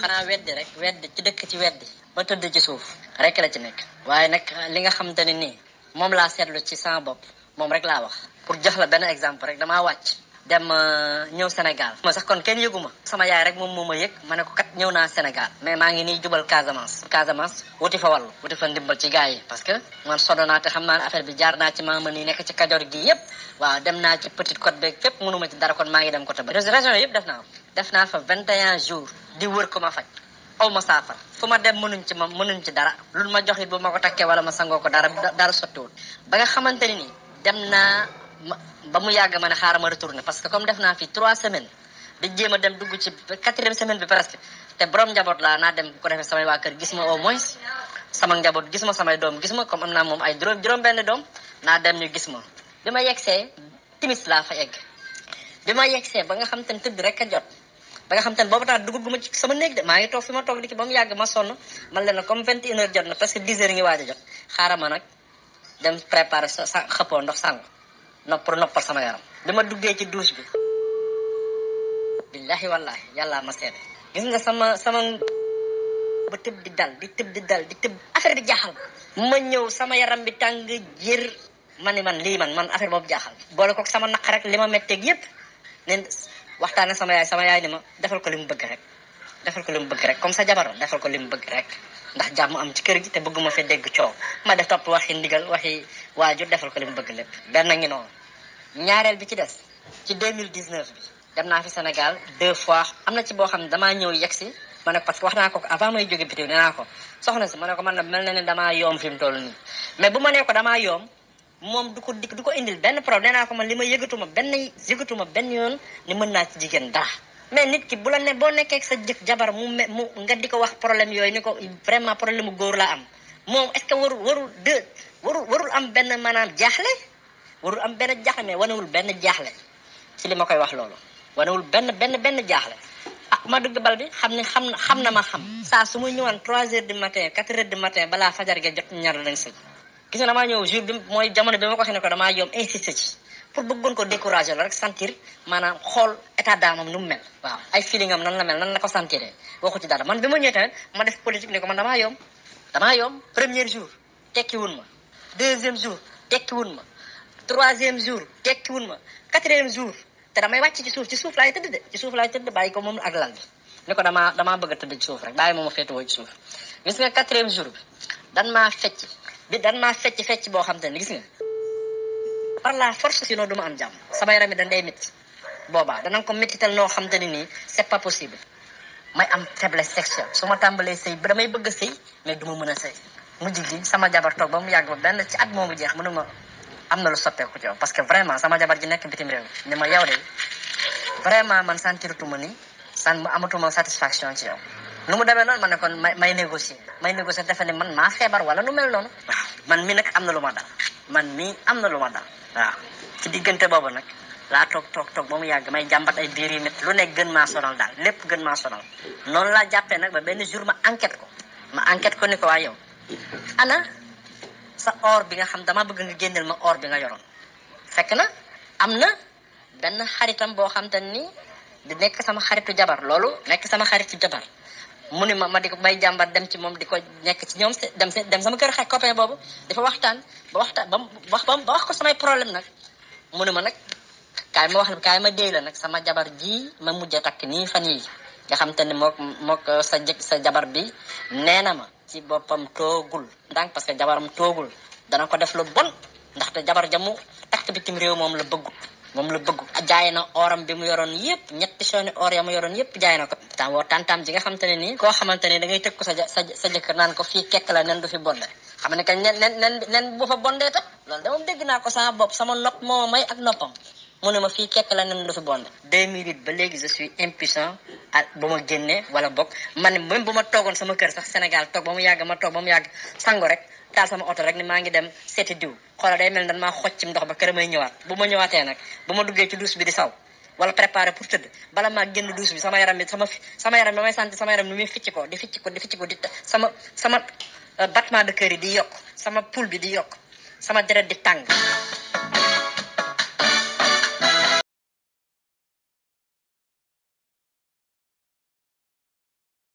xana wedd rek wedd ci dëkk ci wedd ba tudd ci suuf rek la ci nekk waaye nag li nga xamante ni nii moom laa seetlu ci sama bopp moom rek laa wax pour jox la benn exemple rek dama wàcc dem euh, ñëw Sénégal ma sax kon kenn yëguma sama yaay rek moom moo ma yëg ma ne ko kat ñëw naa Sénégal mais maa ngi nii jubal Casamance Casamance wuti fa wàllu wuti fa ndimbal ci gars yi parce que man sono naa te xam naa affaire bi jaar naa ci maama nii nekk ci Kajoor gi yépp waaw dem naa ci Petite Côte beeg fépp mënuma ci dara kon maa ngi dem côté ba région yépp def naa def naa fa 21 jour di wër ko ma faj aw ma saafara fu ma dem mënuñ ci ma mënuñ ci dara lu ma jox it bu ma ko takkee wala ma sangoo ko dara dara sottiwul ba nga xamante ni nii dem naa ba mu yàgg ma ne xaaral ma na parce que comme def naa fi trois semaines di jéem a dem dugg ci quatrième semaine bi presque te borom njaboot laa naa dem bu ko defee samay waa kër gis ma au moins sama njaboot gis ma samay doom gis ma comme am naa moom ay juróom juróom-benn doom naa dem ñu gis ma bi ma yegsee timis laa fa egg bi ma yegsee ba nga xam te ne tëdd rek a jot. ba nga xam te ne boobu temps dugub gu ma ci sama néeg de maa ngi toog fi ma toog di ci ba mu yàgg ma sonn man leen comme vingt une heure jot na parce que dix heures ngi waaj a jot xaaral ma nag dem préparer sa sa xëppoo ndox sàng noppal noppal sama yaram bi ma duggee ci douche bi billahi wallahi yàlla ma seede gis nga sama sama ba tëb di dal di tëb di dal di tëb affaire di jaaxal ma ñëw sama yaram bi tàng jër ma man lii man man affaire boobu jaaxal boole ko sama naq rek li ma metteeg yépp ne waxtaan ak sama yaay sama yaay ni ma defal ko li mu bëgg rek defal ko li mu bëgg rek comme sa jabar defal ko li mu bëgg rek ndax jàmm am ci kër gi te bëgguma fi dégg coow ma def topp waxi ndigal waxi waajur defal ko li mu bëgg lépp benn ngi noonu ñaareel bi ci des ci 2019 bi dem naa fi senegal deux fois am na ci boo xam ne damaa ñëw yegg si ma ne parce que wax naa ko avant may jóge bitim nee naa ko soxna si ma ne ko man na mel na ne dama yoom fi mu toll nii mais bu ma nee ko damaa moom du ko dikk du ko indil benn problème nee naa ko man li ma yëgatuma benn yëgatuma benn yoon ni mën naa ci jigéen dara mais nit ki bu la ne boo nekkee sa jëkk jabar mu mu nga di ko wax problème yooyu ni ko vraiment problème mu góor laa am moom est-ce warul warul de warul am benn maanaam jaaxle warul am benn jaaxle mais wanewul benn jaaxle ci li ma koy wax loolu wanewul benn benn benn jaaxle ah ma dugg bal bi xam ne xam na xam na ma xam saa su muy ñëwaan trois heures du matin quatre heures balaa fajar ge jot ñaar lañ sëñ gis nga damaa ñëw jour bi mooy jamono bi ma ko waxee ne ko damaa yom insisté ci pour bëggoon ko découragé la rek sentir maanaam xool état d'âme nu mu mel waaw ay feeling am nan la mel nan la ko sentiree waxu ci dara man bi ma ñëwee tamit ma def politique ne ko man damaa yom damaa yom premier jour tekki ma deuxième jour tekki wun ma troisième jour tekki wun ma quatrième jour te damay wàcc ci suuf ci suuf laay tëdd suuf laay tëdd ko moom ak lal bi ko damaa damaa bëgg a tëdd ci suuf rek bàyyi moom a féetewoo ci suuf gis nga quatrième jour bi dan maa fecc bi dan ma fecc fecc bo xamanteni gis nga par la force sino duma am jam sama yaram yi dañ day metti boba dañ ko méttital noo xam te ne c'est pas possible may am faiblesse sexuelle suma tambalé sey bi damay bëgg sey mais duma mëna sey a sëy sama jabar tok ba mu yàgg ba ci at momu jeex mënuma amna am na lu soppeeku ci parce que vraiment sama jabar ji nek bitim rew ni ma yaw de vraiment man sentirutuma ni san amatuma satisfaction ci yow nu mu demee noonu man ne kon may may négocier may négocier defe ne man maa feebar wala nu mel noonu man mi nag am na lu ma dal man mii am na lu ma dal waaw ci diggante boobu nag laa toog toog toog ba mu yàgg may jàmbat ay biir yu métti lu nekk gën maa sonal daal lépp gën maa sonal noonu laa jàppee nag ba benn jour ma enquête ko ma enquête ko ni ko waa yow ana sa or bi nga xam dama bëgg nga génneel ma or bi nga yoroon fekk na am na benn xaritam boo xam te ni di nekk sama xaritu jabar loolu nekk sama xaritu jabar mune ma ma di may jambar dem ci mom diko nek ci ñom dem dem sama kër kopi copain bobu dafa waxtaan ba waxtaan ba wax ba wax ko samay problème nak mune ma nak kay ma wax kay ma dey la nak sama jabar ji ma mujj tak ni fan yi nga xam tane mok mok sa jek sa jabar bi nee ma ci bopam togul dank parce que jabaram togul dana ko def lu bon te jabar jamu bi tim rew mom la bëggut moom la bëggu jaay na oram bi mu yoroon yëpp ñetti sooni or ya mu yoroon yëpp jaay na ko tam woo tantaam ji nga xamante ne nii koo xamante ne da ngay tëkku sa sa sa naan ko fii kekk la nen du fi bonde xam ne kañ nen nen nen bu fa bondee tax loolu da moom dégg naa ko sama bopp sama nopp moo may ak noppam mu ne ma fii kekk la nen lu fi bond 2008 ba léegi je suis impuissant ah ba ma génnee wala bokk man même bu ma toogoon sama kër sax Sénégal toog ba mu yàgg ma toog ba mu yàgg sangu rek taal sama oto rek ni maa ngi dem seeti diw xoola day mel na maa xoj ci ndox ba kër may ñëwaat bu ma ñëwaatee nag bu ma duggee ci douche bi di saw wala préparé pour tëdd bala maa génn douche bi sama yaram bi sama sama yaram may sant sama yaram ni muy ficci ko di ko di ficci ko di sama sama euh, battement de cœur yi di yokk sama pouls bi di yokk sama deret di tàng